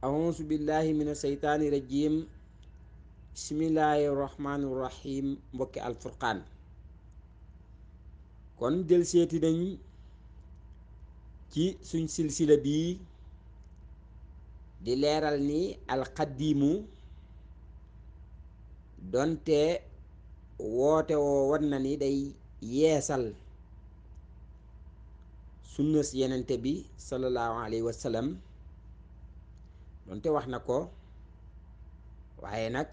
أعوذ بالله من الشيطان الرجيم بسم الله الرحمن الرحيم mbokki alfurqaan kon del seeti nañ ci suñ silsila bii di leeral ni alxadiimu donte woote woo wan na ni day yeesal sunnas yenente bi sallallahu alayhi wa sallam donte wax na ko waaye nag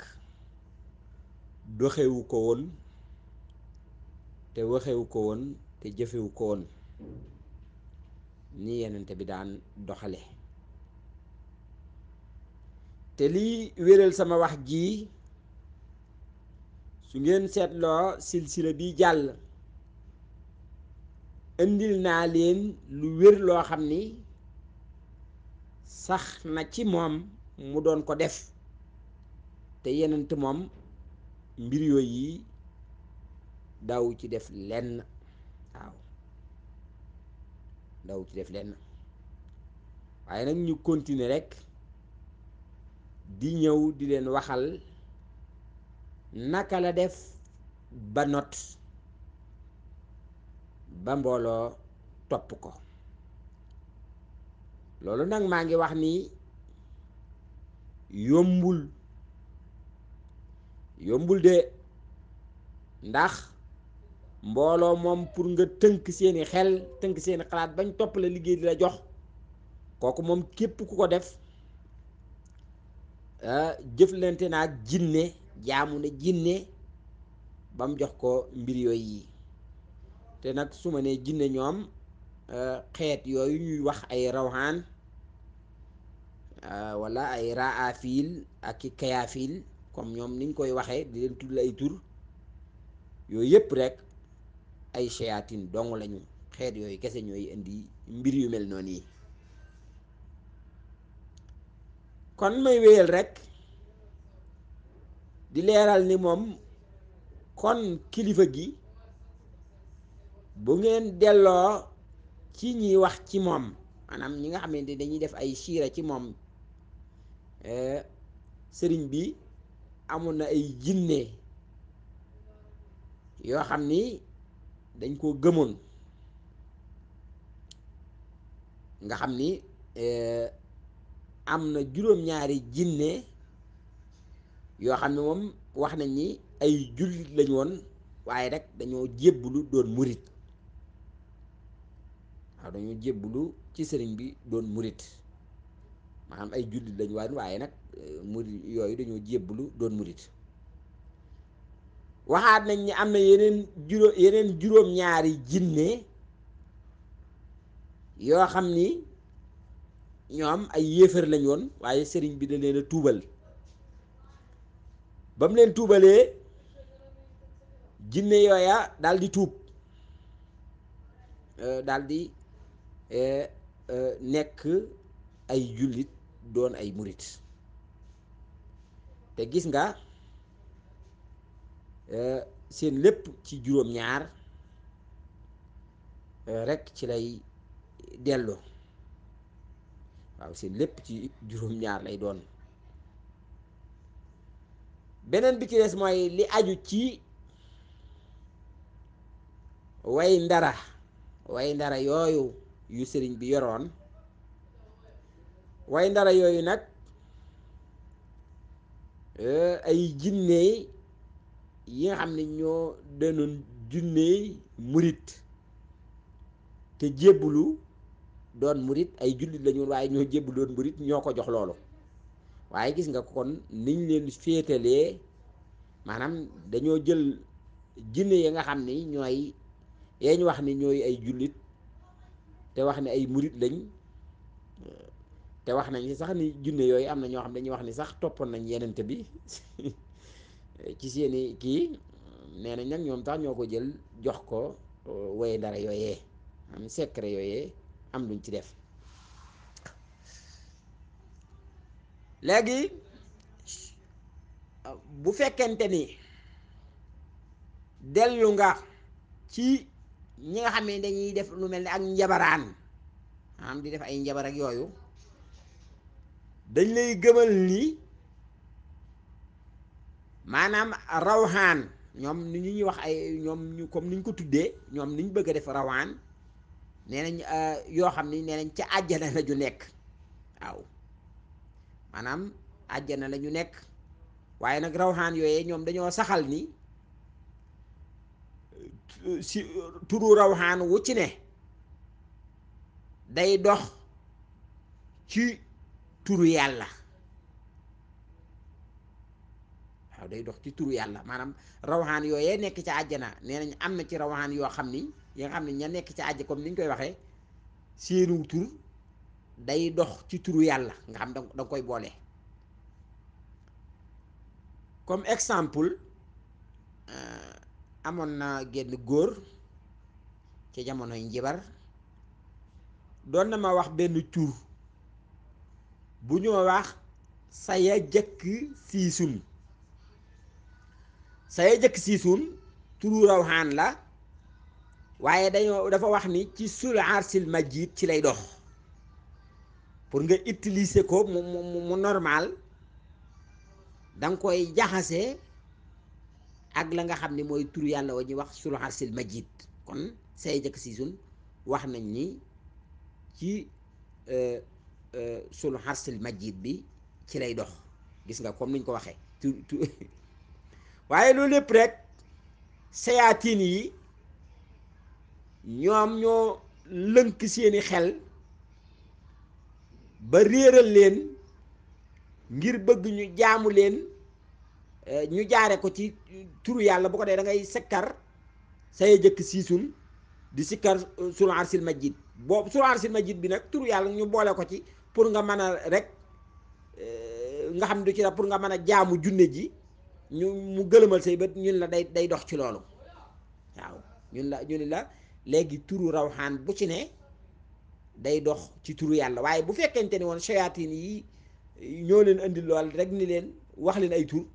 doxewu ko woon te waxewu ko woon te jëfewu ko woon ni yenente bi daan doxale te lii wéral sama wax jii su ngeen seetloo silsila bi jàll indil naa leen lu wér loo xam ni sax na ci moom mu doon ko def te yenent moom mbir yooyu yi daw ci def lenn waaw ci def lenn waaye nag ñu continuer rekk di ñëw di leen waxal naka la def ba not ba mbooloo topp ko loolu nag maa ngi wax nii yombul yombul de ndax mbooloo moom pour nga tënk seeni xel tënk seeni xalaat bañ topp la liggéey di la jox kooku moom képp ku ko def ah, jëflante naa ak jinne jaamu ne jinne ba jox ko mbir yooyu yi te nag su ma nee jinne ñoom xeet yooyu ñuy wax ay rawxaan ah, wala ay raafil ak i kayaafil comme ñoom niñ koy waxee di leen tudd ay tur yooyu yëpp rek ay shayatin dong lañu xeet yooyu kese ñooy indi mbir yu mel noonu yi kon may wéyal rek di leeral ni moom kon kilifa gi bu ngeen delloo ci ñuy wax ci moom maanaam ñi nga xamante ne dañuy def ay siira ci moom eh, sëriñ bi amoon na ay jinne yoo xam ni dañ koo gëmoon nga xam ni eh, am na juróom-ñaari jinne yoo xam ne moom wax nañ ni ay jullit lañ woon waaye rek dañoo jébblu doon murit waaw dañoo jébbalu ci sëriñ bi doon murit maanaam ay jullit lañ waaye nag eh, murit yooyu dañoo jébbalu doon murit waxaat nañ ni am na yeneen juróom yeneen juróom-ñaari jinne yoo xam ni ñoom ay yéefar lañ woon waaye sëriñ bi da leen a tuubal ba mu leen tuubalee jinne yooya daal di tuub eh, daal di E, e, nekk ay jullit doon ay murit te gis nga e, seen lépp ci juróom-ñaar rekk ci lay delloo waaw seen lépp ci juróom-ñaar lay doon beneen bi ci mooy li aju ci way ndara way ndara yooyu yu sëriñ bi yoroon way ndara yooyu nag eh, ay jinneey yi nga xam ne ñoo danoon junneey murit te jébbulu doon murit ay jullit lañu waaye ñoo jébbulu doon murit ñoo ko jox loolu waaye gis nga kon niñ leen féetalee maanaam dañoo jël jinne yi nga xam ni ñooy yeeñ wax ni ñooy ay jullit te wax ne ay murit lañ te wax nañ sax ni junne yooyu am na ñoo xam dañuy wax ni sax toppoon nañ yenente bi ci seeni kii nee nañ nag ñoom tax ñoo ko jël jox ko uh, woye dara yooyee am secret yooyee am luñ ci def léegi bu fekkente ni dellu nga ci ñi nga xam ne dañuy def lu mel ni ak njabaraan am di def ay njabar yooyu dañ lay gëmal ni maanaam rawxaan ñoom ni ñuy wax ay ñoom ñu comme niñ ko tuddee ñoom niñ bëgg a def rawaan nee nañ euh, yoo xam ni nee nañ ci àjjana la ñu nekk waaw maanaam àjjana la ñu nekk waaye nag rawxaan yooyee ñoom dañoo saxal ni si turu rawxaan wu ci ne day dox ci turu yàlla waaw day dox ci turu yàlla maanaam rawxaan yooyee nekk ci àjjana nee nañ am na ci rawxaan yoo xam ni yi nga xam ne ña nekk ci àjj comme ni ñu koy waxee seenu tur day dox ci turu yàlla nga xam da nga koy boole comme exemple. Euh, amoon na génn góor ci jamonoy njibar doon na ma wax benn tur bu ñu ma wax saya jëkk siisun saya jëkk siisun turu rawxaan la waaye dañoo dafa wax ni ci sul arsil majid ci lay dox pour nga utiliser ko mu mu mu normal danga koy jaxase ak la nga xam ni mooy turu yàlla wa ñuy wax sul arsil majid kon say jëkk si sun wax nañ ni ci euh, euh, sul arsil majid bi ci lay dox gis nga comme niñ ko waxee waaye loolu lépp rek sayaatin yi ñoom ñoo lënk seeni xel ba réeral leen ngir bëgg ñu jaamu leen Eh, ñu jaare ko ci eh, turu yàlla bu ko dee da ngay sikkar say jëkk siisul di sikkar eh, sul arsil majid boobu sul arsil majid bi nag turu yàlla ñu boole ko ci pour nga mën a rek nga xam du ci la pour nga mën a jaamu junne ji ñu mu gëlëmal say bët ñun la day day dox ci loolu waaw ñun la ñu ni la léegi turu rawxaan bu ci ne day dox ci turu yàlla waaye bu fekkente ni woon shayatin yi ñoo leen indi lool rek ni leen wax leen ay tur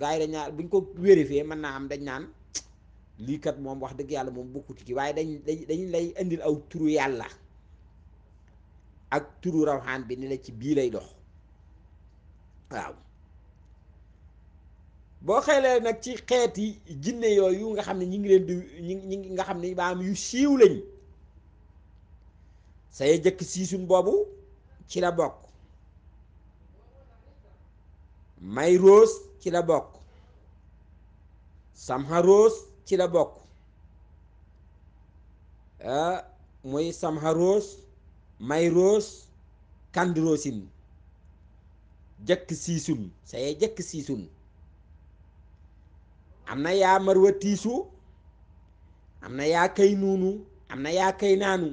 gaa yi dañ naan buñ ko vérifié mën naa am dañ naan lii kat moom wax dëgg yàlla moom bokkut ci waaye dañ dañ lay indil aw turu yàlla ak turu rawxaan bi ni la ci bii lay dox waaw boo xeelee nag ci xeeti jinne yooyu nga xam ne ñi ngi leen di ñi ngi nga xam ne baam yu siiw lañ say jëkk siisun boobu ci la bokk Mayros ci la bokk Samharos ci la bokk ah mooy Samharos Mayros Kandrosin jëkk siisun saye jëkk siisun am na yaa marwa am na yaa kay nuunu am na yaa kay naanu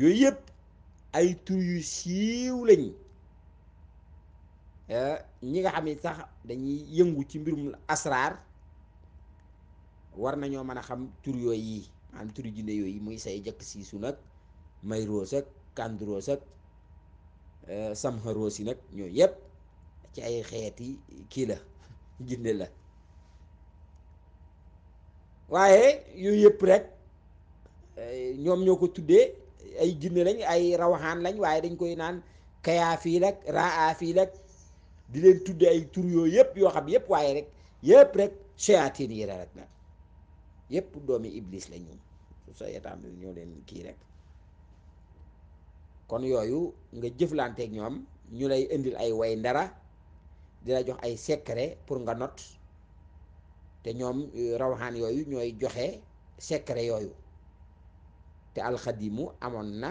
yooyu yëpp ay tur yu siiw lañ Euh, ñi nga xam sax dañuy yëngu ci mbirum asraar war nañoo mën a xam tur yooyu yi maanaam turu jinne yooyu muy say jëkk siisu nag mayroos ak kandroos ak euh, samharoos yi nag ñooy yépp ci ay xeeti kii la jinne la waaye yooyu yëpp rek euh, ñoom ñoo ko tuddee ay jinne lañ ay rawaxaan lañ waaye dañ koy naan kayaa kayaafiil ak raafil ak di leen tudde ay tur yooyu yëpp yoo xam yëpp waaye rek yëpp rek shayatin yi rek nag yëpp doomi iblis la ñu su sa bi ñoo leen kii rek kon yooyu nga jëflanteeg ñoom ñu lay indil ay way ndara di la jox ay secret pour nga not te ñoom e, rawaxaan yooyu ñooy joxe secret yooyu te alxadimu amoon na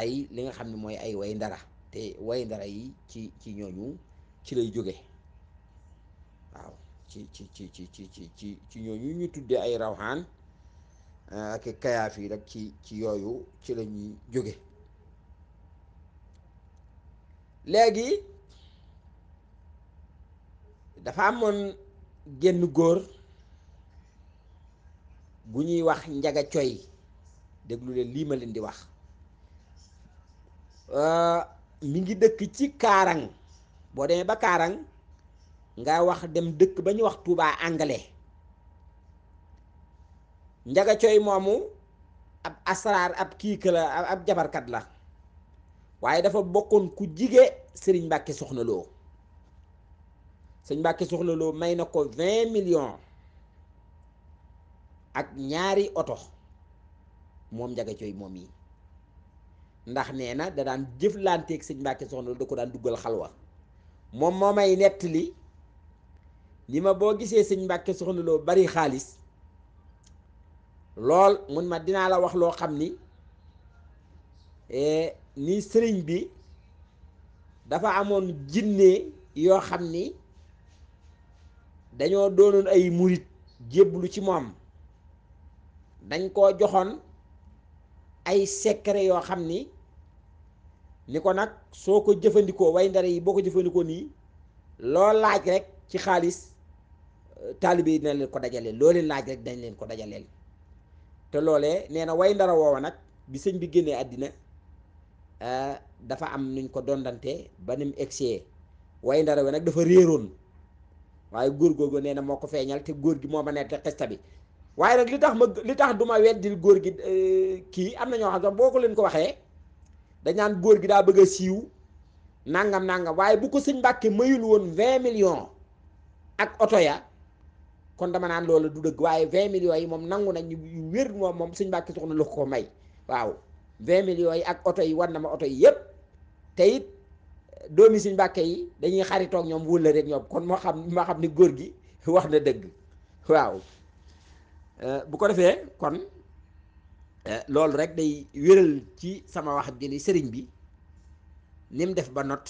ay li nga xam ne mooy ay way ndara te way ndara yi ci ci ñooñu ci lay jóge waaw ci ci ci ci ci ci ci ci ñu tuddee ay rawxaan eh, ak kayaaf yi rek ci ci yooyu ci la ñuy jóge léegi dafa amoon génn góor gu ñuy wax njaga coy déglu leen lii ma leen di wax eh, mi ngi dëkk ci kaarang boo demee ba kaarang nga wax dem dëkk ba ñu wax Touba anglais njaga coy moomu ab asraar ab kiika la ab jabarkat la waaye dafa bokkoon ku jige sëriñ Mbàkke Soxna Lo sëriñ Mbàkke Soxna Lo may na ko vingt millions ak ñaari oto moom njaga coy moom yi ndax nee na da daan jëflanteeg sëñ Mbàkke soxna da ko daan duggal xalwa moom moo may nettali ni ma boo gisee sëñ Mbàkke soxna loo bari xaalis lool mun ma dinaa la wax loo xam ni eh, ni sëriñ bi dafa amoon jinne yoo xam ni dañoo doonoon ay murit jébbalu ci moom dañ koo joxoon ay secret yoo xam ni ni ko nag soo ko jëfandikoo way ndare yi boo ko jëfandikoo nii loo laaj rek ci xaalis euh, taalibe yi dina leen ko dajaleel loole leen rek dañ leen ko dajaleel te loolee nee na way ndara woowa nag bi sëñ bi génnee àddina euh, dafa am nuñ ko dondante ba ni mu egsee way ndara we nag dafa réeroon waaye góor googu nee na moo ko feeñal te góor gi moo ma nekk xesta bi waaye nag li tax ma li tax duma ma weddil góor gi euh, kii am na ñoo xam sax boo ko leen ko waxee dañ naan góor gi daa bëgg a siiw nangam nangam waaye bu ko sëñ Mbàkke mayul woon vingt million ak oto ya kon dama naan loolu du dëgg waaye vingt million yi moom nangu nañ ñu wér moom moom sëñ Mbàkke soxna lu ko may waaw vingt millions yi ak oto yi war na ma oto yi yépp te it doomi sëñ Mbàkke yi dañuy xaritoog ñoom wólla rek ñoom kon ma xam moo xam ni góor gi wax na dëgg waaw Euh, bu ko defee kon euh, loolu rek day wéral ci sama wax ji ni sëriñ bi ni def ba not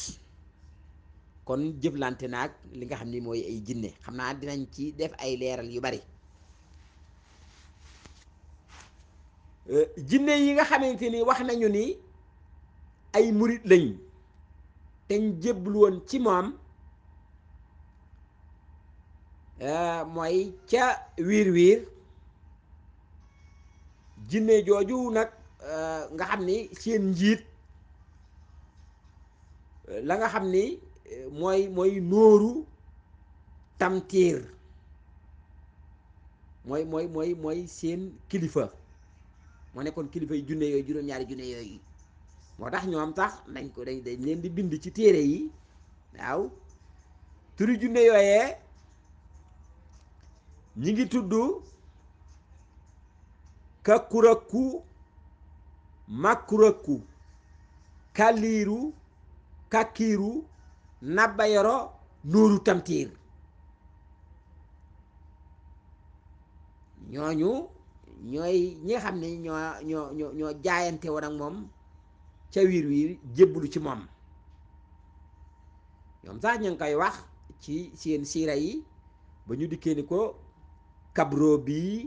kon jëflante naag li nga xam ni mooy ay jinne xam naa dinañ ci def ay leeral yu bari euh, jinne yi nga xamante ni wax nañu ni ay murit lañ teñ jéblu woon ci moom mooy ca wiir wiir jinne jooju nag euh, nga xam ni seen njiit euh, la nga xam ni euh, mooy mooy nóoru tamtiir mooy mooy mooy seen kilifa moo nekkoon kilifa yu junne yooyu juróom-ñaari junne yooyu moo tax ñoom tax nañ ko dañ dañ leen di bind ci téere yi waaw turi junne yooyee ñi ngi tudd kakkurakku makkurakku kalliiru kakkiiru nabbayoro nuuru tamtiir ñooñu ñooy ñi jaayante woon ak moom ca wiir wiir jébbalu ci moom ñoom sax ñu ngi koy wax ci seen siira yi ba ñu dikkee ni ko kabro bii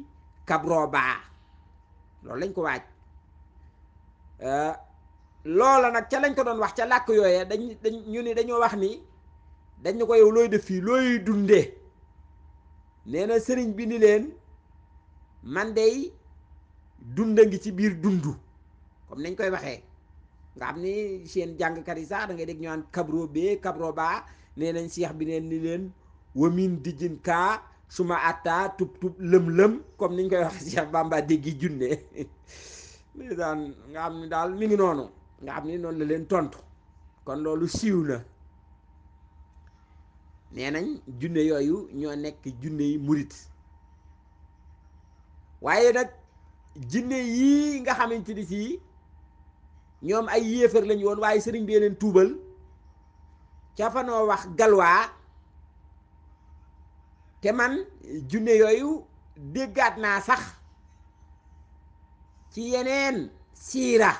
kabro baa loolu lañ ko waaj euh, loolo nag ca lañ ko doon wax ca làkk yooyee dañ dañ ñu ni dañoo wax ni dañ dañu ko yow looy def fii looy dundee nee na sëriñ bi ni leen man dey dunda ngi ci biir dundu comme nañ koy waxee nga xam ni seen jàngkat yi sax da ngay dégg ñu naan kabro bee kabro baa nee nañ seex bi neen ni leen wamin dijjin kaa suma attaa tub tub lëm lëm comme niñ koy wax Cheikh Bamba déggi junne lii daan nga xam ni daal mi ngi noonu nga xam ni noonu la leen tontu kon loolu siiw na nee nañ junne yooyu ñoo nekk junne yi murit waaye nag jinne yii nga xamante ni sii ñoom ay yéefar lañu woon waaye sëriñ bee leen tuubal ca fanoo wax galwaa te man junne yooyu déggaat naa sax ci yeneen siira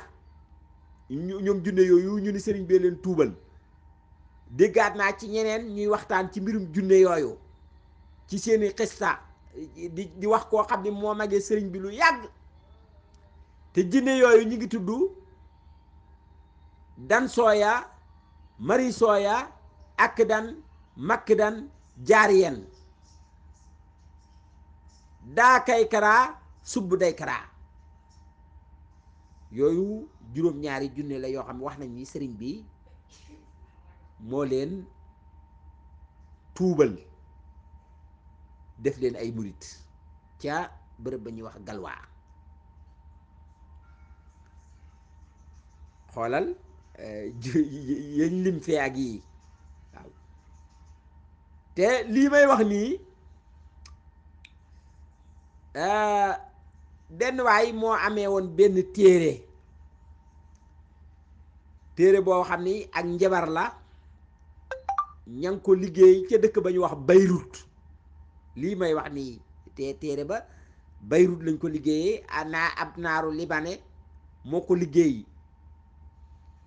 ñoom junne yooyu ñu ni sëriñ bee leen tuubal déggaat naa ci ñeneen ñuy waxtaan ci mbirum junne yooyu ci seeni xista di wax koo xam ni moo magee sëriñ bi lu yàgg te jinne yooyu ñu ngi tudd dan sooya mari sooya ak dan makk dan jaariyen kay karaa sub day karaa yooyu juróom-ñaari junne la yoo xam ne wax nañ ni sëriñ bi moo leen tuubal def leen ay murit ca bërëb ba ñuy wax galwaa xoolal eh, yéen lim fee ak yii te lii may wax nii Euh, benn waay moo amee woon benn téere téere boo xam ni ak njabar la ña ngi ko liggéey ca dëkk ba ñu wax Beirut lii may wax nii te téere ba Beirut lañ ko liggéeyee naa ab naaru libane moo ko liggéey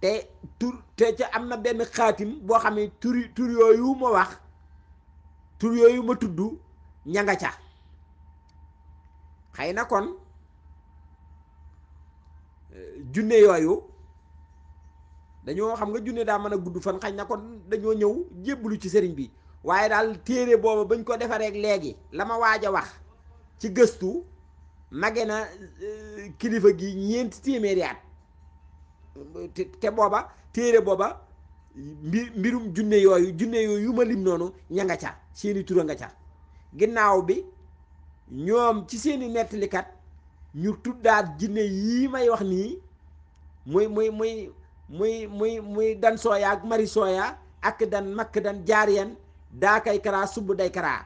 te tur te ca am na benn xaatim boo xam ne tur tur yooyu ma wax tur yooyu ma tudd ñanga ca xëy na kon euh, junne yooyu dañoo xam nga junne daa mën a gudd fan xëy na kon dañoo ñëw jébbalu ci sëriñ bi waaye daal téere booba bañ ko defaree léegi la ma waaj a wax ci gëstu mage na euh, kilifa gi ñeenti téeméeri at te booba téere booba mbir mbirum junne yooyu junne yooyu yu ma lim noonu ña nga ca seeni tura nga ca ginnaaw bi ñoom ci seeni nettalikat ñu tuddaat jinne yi may wax nii muy muy muy muy muy muy dan sooya ak mari sooya ak dan makk dan jaariyan daa kay karaa subb day karaa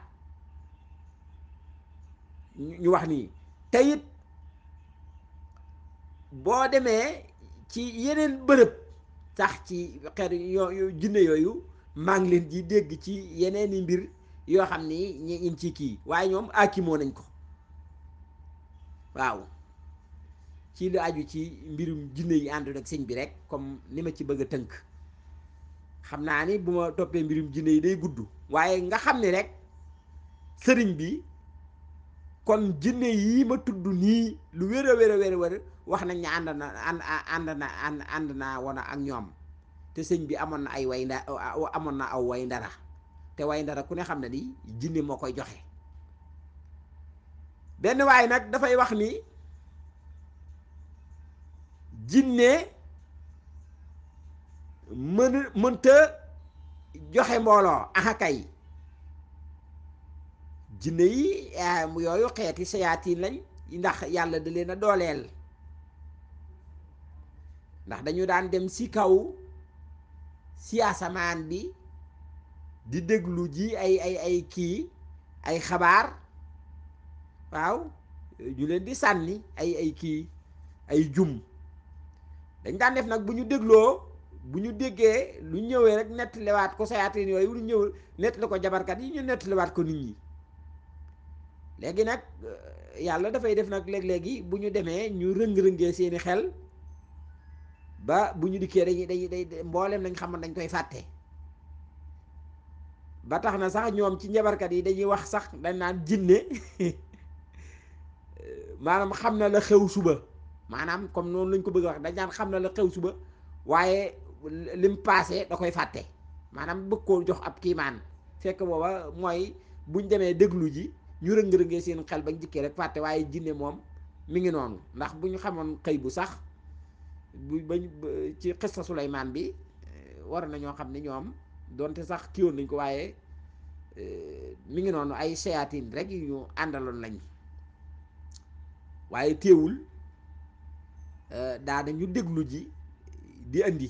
ñu wax nii te it boo demee ci yeneen bërëb tax ci xeet yoo jinne yooyu maa ngi leen di dégg ci yeneeni mbir yoo xam ni ñi ngi ci kii waaye ñoom akimoo nañ ko waaw ci lu aju ci mbirum jinne yi àndoon ak sëñ bi rek comme ni ma ci bëgg a tënk xam naa ni bu ma toppee mbirum jinne yi day gudd waaye nga xam ni rek sëriñ bi kon jinne yi ma tudd nii lu wér a wér a wér wax nañ ne ànd na ànd na ànd naa ak ñoom te sëñ bi amoon na ay way nda amoon na aw way ndara te way ndara ku ne xam ne di jinne moo koy joxe benn waay nag dafay wax ni jinne mën mënta joxe mbooloo aha kay jinne yi eh, yooyu xeeti sayaatiin lañ ndax yàlla da leen a dooleel ndax dañu daan dem ci kaw ci asamaan bi di déglu ji ay ay ay kii ay xabaar waaw ñu leen di sànni ay ay kii ay jum dañ daan def nag bu ñu dégloo bu ñu déggee lu ñëwee rek nettaliwaat ko sayaatin yooyu lu ñëw nettali ko jabarkat yi ñu nettaliwaat ko nit ñi léegi nag euh, yàlla dafay def nag léeg-léegi bu ñu demee ñu rëng-rëngee seeni xel ba bu ñu dikkee dañuy dañuy day mboolem lañ xaman dañ koy fàtte ba tax na sax ñoom ci njabarkat yi dañuy wax sax dañ naan jinne maanaam xam na la xew suba maanaam comme noonu lañ ko bëgg a wax dañ naan xam na la xew suba waaye lim passé da koy fàtte maanaam bëgg koo jox ab kiimaan fekk booba mooy buñ demee déglu ji ñu rëng-rëngee seen xel bañ jikkee rek fàtte waaye jinne moom mi ngi noonu ndax bu ñu xamoon xëy bu sax bu bañ ci xista Suleymaan bi eh, war na ñoo xam ne ñoom donte sax kiwoon nañ ko waaye eh, mi ngi noonu ay sayaatin rek yu ñu àndaloon lañ waaye téewul eh, daa dañu déglu ji di andi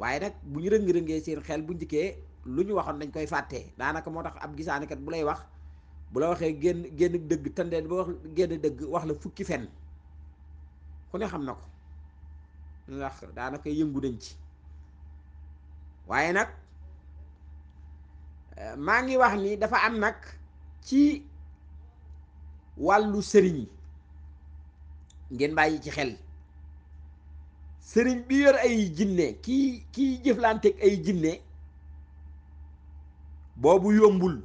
waaye nag bu ñu rëng-rëngee seen xel bu njëkkee lu ñu waxoon dañ koy fàtte daanaka moo tax ab gisaanikat bu lay wax bu la waxee génn génn dëgg tandeen ba wax génn dëgg wax la fukki fen ku ne xam na ko ndax daanaka yëngu nañ ci waaye nag maa ngi wax ni dafa am nag ci wàllu sëriñ ngeen bàyyi ci xel sëriñ bi yor ay jinne kii kii jëflanteeg ay jinne boobu yombul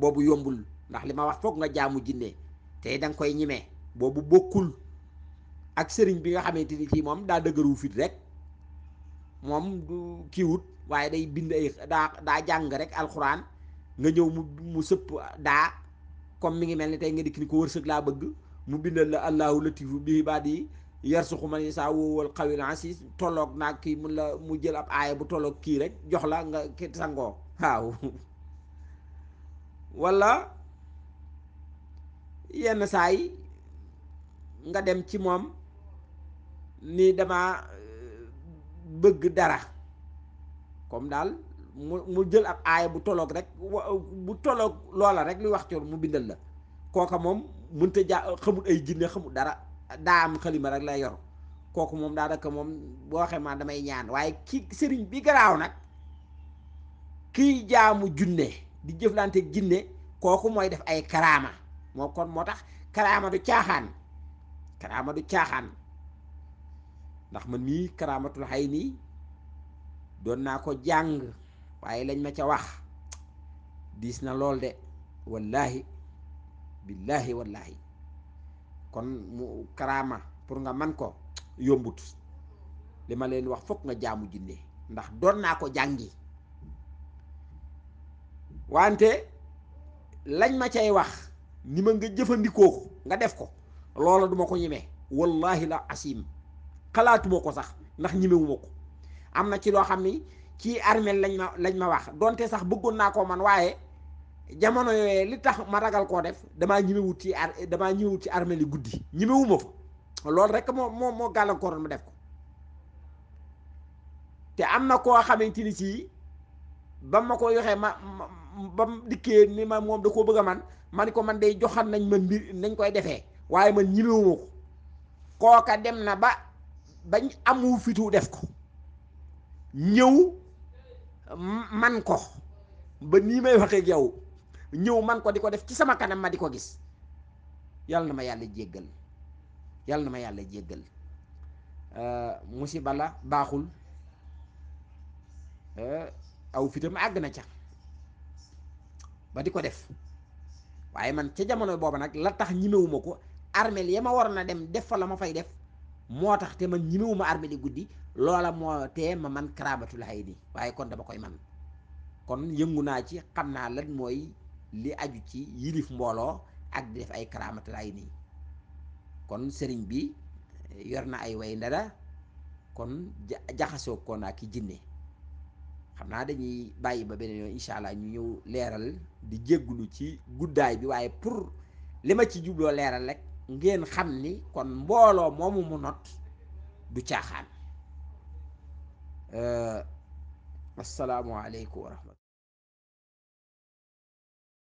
boobu yombul ndax li ma wax foog nga jaamu jinne te da koy ñime boobu bokkul ak sëriñ bi nga xamante ni kii moom daa dëgëru fit rek moom du kiiwut waaye day bind ay daa daa jàng rek alxuraan nga ñëw mu mu sëpp daa comme mi ngi mel ni tey nga dikk ni ko wërsëg laa bëgg mu bindal la allahu latifu bi ibaad yi yarsuxu man saa woowal xawil asis tolloog naag kii mun la mu jël ab aaya bu tolloog kii rek jox la nga sangoo waaw wala yenn saa yi nga dem ci moom ni dama euh, bëgg dara comme daal mu mu jël ab aaya bu toloog rek bu tollook loola rek luy wax ci mu bindal la kooka moom mënta jaa xamut ay jinne xamut dara daa am xalima rek lay yor kooku moom daanaka moom boo waxee ma damay ñaan waaye ki sëriñ bi garaaw nag kiy jaamu junne di jëflante jinne kooku mooy def ay karaama moo kon moo tax karaama du caaxaan karaama du caaxaan ndax man mii karaamatul xay nii doon naa ko jàng waaye lañ ma ca wax diis na lool de wallahi billahi wallahi kon mu karaama pour nga man ko yombut li ma leen wax fokk nga jaamu jinne ndax doon naa ko jàngi wante lañ ma cay wax ni ma nga jëfandikoo nga def ko loola duma ko ñemee wallahi la asim xalaatuma ko sax ndax ñemewuma ko am na ci loo xam ni ci armeel lañ ma lañ ma wax donte sax bëggoon naa koo man waaye jamono yooyee li tax ma ragal koo def damaa ñimewut ci ar damaa ñimewut ci armeel yi guddi ñimewuma fa loolu rek moo moo moo gàllankooroon mu def ko te am na koo xamante ni ci ba ma ko yoxee ma ba mu dikkee ni ma moom da koo bëgg a man ma ni ko man day joxan nañ ma mbir nañ koy defee waaye man ñimewuma ko kooka dem na ba bañ amu fitu def ko ñëw man ko ba nii may waxee ak ñëw man ko di ko def ci sama kanam ma di ko gis yàlla na ma yàlla jéggal yàlla na ma yàlla jéggal euh, musiba bala baaxul euh, aw fitam àgg na ca ba di ko def waaye man ca jamono booba nag la tax ñimewuma ko armeel ya ma waroon na dem def fa la ma fay def moo tax te man ñimewuma armé di guddi loola moo te ma man karamatul hay ni waaye kon dama koy man kon yëngu naa ci xam naa lan mooy li aju ci yilif mbooloo ak di def ay karamatul hay nii kon sëriñ bi eh, yor na ay way ndara kon jaxasoo ko naa ki jinne xam naa dañuy bàyyi ba beneen yoon incha allah ñu ñëw leeral di jéggulu ci guddaay bi waaye pour li ma ci jubloo leeral rek ngeen xam ni kon mbooloo moomu mu not du caaxaan euh, assalaamu aleykum wa